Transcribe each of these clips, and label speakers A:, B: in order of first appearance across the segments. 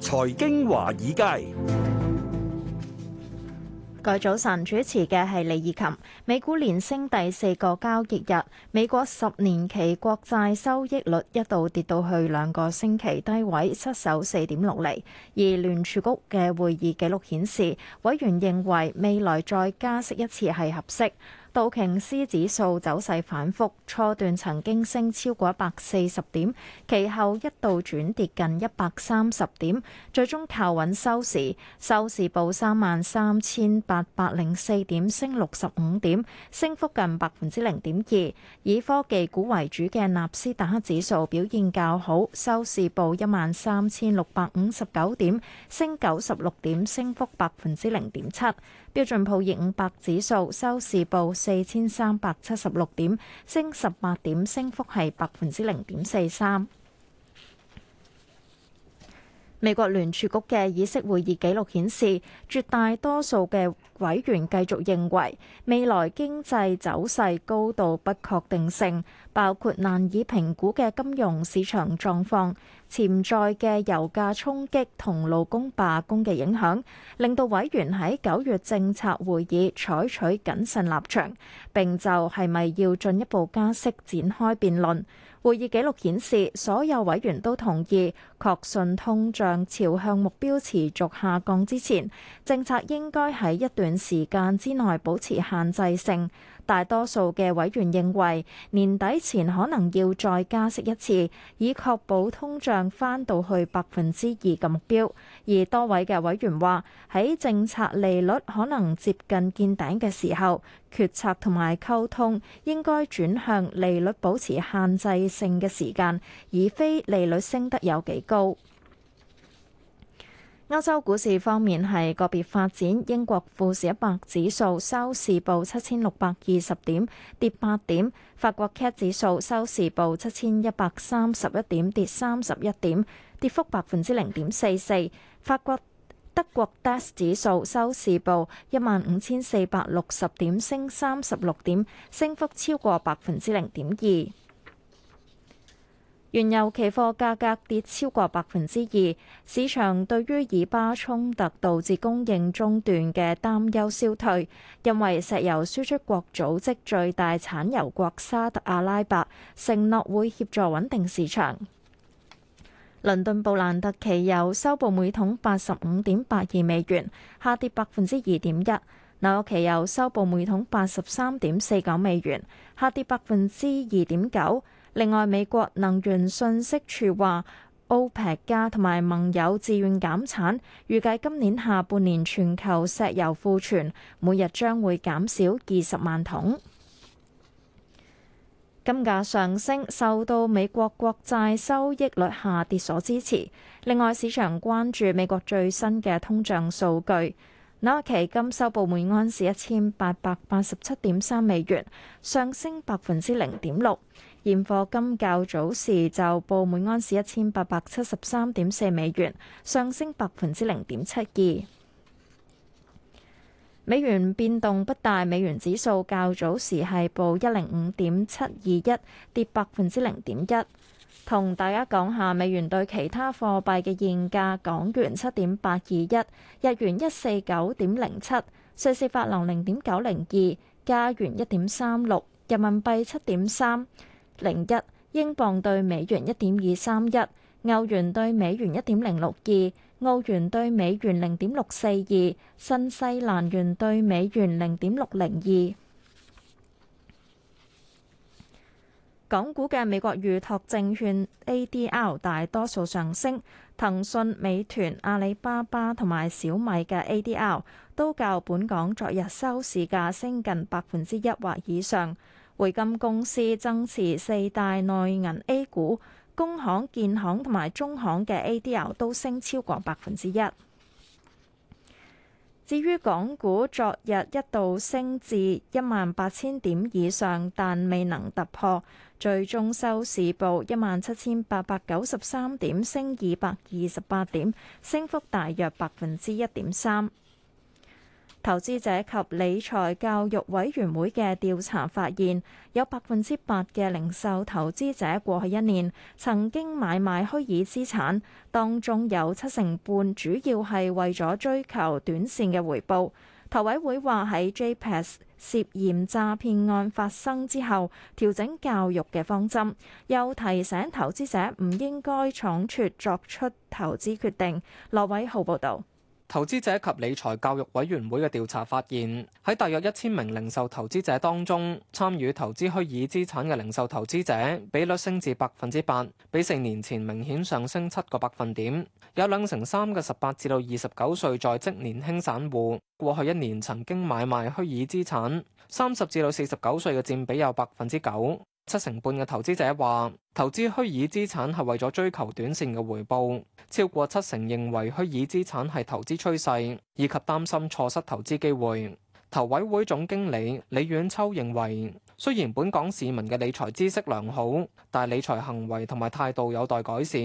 A: 財經華爾街，
B: 各位早晨，主持嘅係李爾琴。美股連升第四個交易日，美國十年期國債收益率一度跌到去兩個星期低位，失守四點六厘。而聯儲局嘅會議記錄顯示，委員認為未來再加息一次係合適。道瓊斯指數走勢反覆，初段曾經升超過一百四十點，其後一度轉跌近一百三十點，最終靠穩收市，收市報三萬三千八百零四點，升六十五點，升幅近百分之零點二。以科技股為主嘅納斯達克指數表現較好，收市報一萬三千六百五十九點，升九十六點，升幅百分之零點七。標準普爾五百指數，收市報四千三百七十六點，升十八點，升幅係百分之零點四三。美國聯儲局嘅議息會議紀錄顯示，絕大多數嘅委員繼續認為未來經濟走勢高度不確定性，包括難以評估嘅金融市場狀況、潛在嘅油價衝擊同勞工罷工嘅影響，令到委員喺九月政策會議採取謹慎立場，並就係咪要進一步加息展開辯論。會議紀錄顯示，所有委員都同意。確信通脹朝向目標持續下降之前，政策應該喺一段時間之內保持限制性。大多數嘅委員認為年底前可能要再加息一次，以確保通脹返到去百分之二嘅目標。而多位嘅委員話，喺政策利率可能接近見頂嘅時候，決策同埋溝通應該轉向利率保持限制性嘅時間，而非利率升得有幾高。高。歐洲股市方面係個別發展，英國富時一百指數收市報七千六百二十點，跌八點；法國 CAC 指數收市報七千一百三十一點，跌三十一點，跌幅百分之零點四四。法國、德國 DAX 指數收市報一萬五千四百六十點，升三十六點，升幅超過百分之零點二。原油期貨價格跌超過百分之二，市場對於以巴衝突導致供應中斷嘅擔憂消退，因為石油輸出國組織最大產油國沙特阿拉伯承諾會協助穩定市場。倫敦布蘭特期油收報每桶八十五點八二美元，下跌百分之二點一；紐約期油其收報每桶八十三點四九美元，下跌百分之二點九。另外，美國能源信息處話，OPEC 加同埋盟友自願減產，預計今年下半年全球石油庫存每日將會減少二十萬桶。金價上升，受到美國國債收益率下跌所支持。另外，市場關注美國最新嘅通脹數據。紐約期金收報每盎司一千八百八十七點三美元，上升百分之零點六。現貨金較早時就報每安士一千八百七十三點四美元，上升百分之零點七二。美元變動不大，美元指數較早時係報一零五點七二一，跌百分之零點一。同大家講下美元對其他貨幣嘅現價：港元七點八二一，日元一四九點零七，瑞士法郎零點九零二，加元一點三六，人民幣七點三零一，英鎊兌美元一點二三一，歐元兌美元一點零六二，澳元兌美元零點六四二，新西蘭元兌美元零點六零二。港股嘅美國預託證券 A D R 大多數上升，騰訊、美團、阿里巴巴同埋小米嘅 A D R 都較本港昨日收市價升近百分之一或以上。匯金公司增持四大內銀 A 股，工行、建行同埋中行嘅 ADR 都升超過百分之一。至於港股，昨日一度升至一萬八千點以上，但未能突破，最終收市報一萬七千八百九十三點，升二百二十八點，升幅大約百分之一點三。投資者及理財教育委員會嘅調查發現，有百分之八嘅零售投資者過去一年曾經買賣虛擬資產，當中有七成半主要係為咗追求短線嘅回報。投委會話喺 JPEX 涉嫌詐騙案發生之後，調整教育嘅方針，又提醒投資者唔應該倉促作出投資決定。羅偉浩報導。
A: 投資者及理財教育委員會嘅調查發現，喺大約一千名零售投資者當中，參與投資虛擬資產嘅零售投資者比率升至百分之八，比四年前明顯上升七個百分點。有兩成三嘅十八至到二十九歲在職年輕散戶，過去一年曾經買賣虛擬資產，三十至到四十九歲嘅佔比有百分之九。七成半嘅投資者話投資虛擬資產係為咗追求短線嘅回報，超過七成認為虛擬資產係投資趨勢，以及擔心錯失投資機會，投委會總經理李遠秋認為雖然本港市民嘅理財知識良好，但理財行為同埋態度有待改善。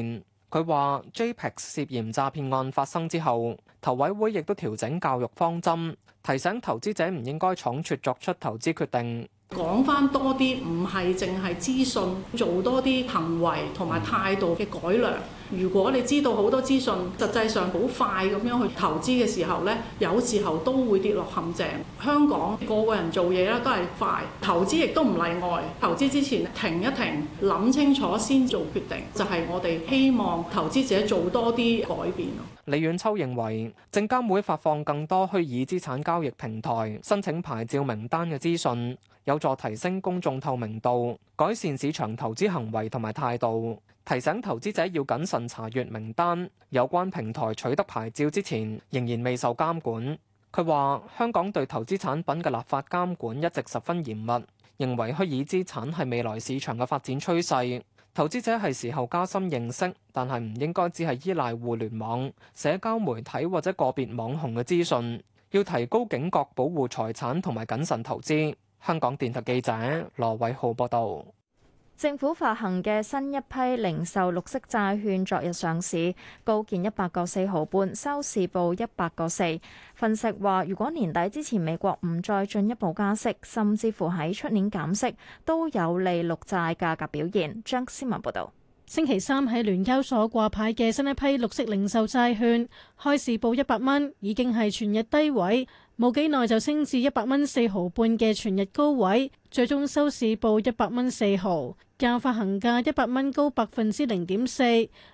A: 佢話 JPEX 涉嫌詐騙案發生之後，投委會亦都調整教育方針，提醒投資者唔應該倉促作出投資決定。講翻多啲，唔係淨係資訊，做多啲行為同埋態度嘅改良。如果你知道好多資訊，實際上好快咁樣去投資嘅時候呢，有時候都會跌落陷阱。香港個個人做嘢啦，都係快，投資亦都唔例外。投資之前停一停，諗清楚先做決定，就係、是、我哋希望投資者做多啲改變。李遠秋認為，證監會發放更多虛擬資產交易平台申請牌照名單嘅資訊有助提升公眾透明度，改善市場投資行為同埋態度，提醒投資者要謹慎查閱名單。有關平台取得牌照之前，仍然未受監管。佢話香港對投資產品嘅立法監管一直十分嚴密，認為虛擬資產係未來市場嘅發展趨勢。投資者係時候加深認識，但係唔應該只係依賴互聯網、社交媒體或者個別網紅嘅資訊，要提高警覺，保護財產同埋謹慎投資。香港電台記者羅偉浩報道，
B: 政府發行嘅新一批零售綠色債券昨日上市，高見一百個四毫半，收市報一百個四。分析話，如果年底之前美國唔再進一步加息，甚至乎喺出年減息，都有利綠債價格表現。張思文報道。星期三喺聯交所掛牌嘅新一批綠色零售債券，開市報一百蚊，已經係全日低位，冇幾耐就升至一百蚊四毫半嘅全日高位，最終收市報一百蚊四毫。較發行價一百蚊高百分之零點四，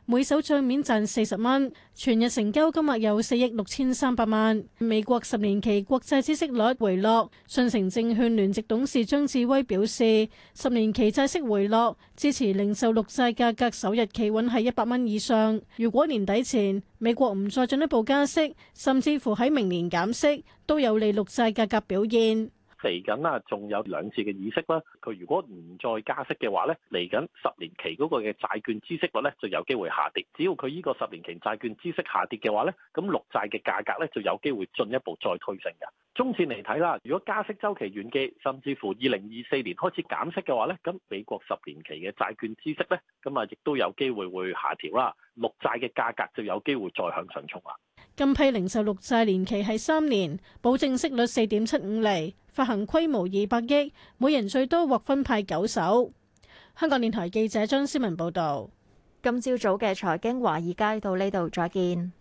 B: 每手賬面賺四十蚊，全日成交金額有四億六千三百萬。美國十年期國債息率回落，信誠證券聯席董事張智威表示，十年期債息回落支持零售綠債價格首日企穩喺一百蚊以上。如果年底前美國唔再進一步加息，甚至乎喺明年減息，都有利綠債價格表現。
A: 嚟緊啊，仲有兩次嘅意識啦。佢如果唔再加息嘅話咧，嚟緊十年期嗰個嘅債券孳息率咧，就有機會下跌。只要佢依個十年期債券孳息下跌嘅話咧，咁綠債嘅價格咧就有機會進一步再推升嘅。中線嚟睇啦，如果加息週期遠機，甚至乎二零二四年開始減息嘅話咧，咁美國十年期嘅債券孳息咧，咁啊亦都有機會會下調啦，綠債嘅價格就有機會再向上衝啊。今批
B: 零售綠債年期係三年，保證息率四點七五厘，發行規模二百億，每人最多獲分派九手。香港電台記者張思文報道。今朝早嘅財經華爾街到呢度再見。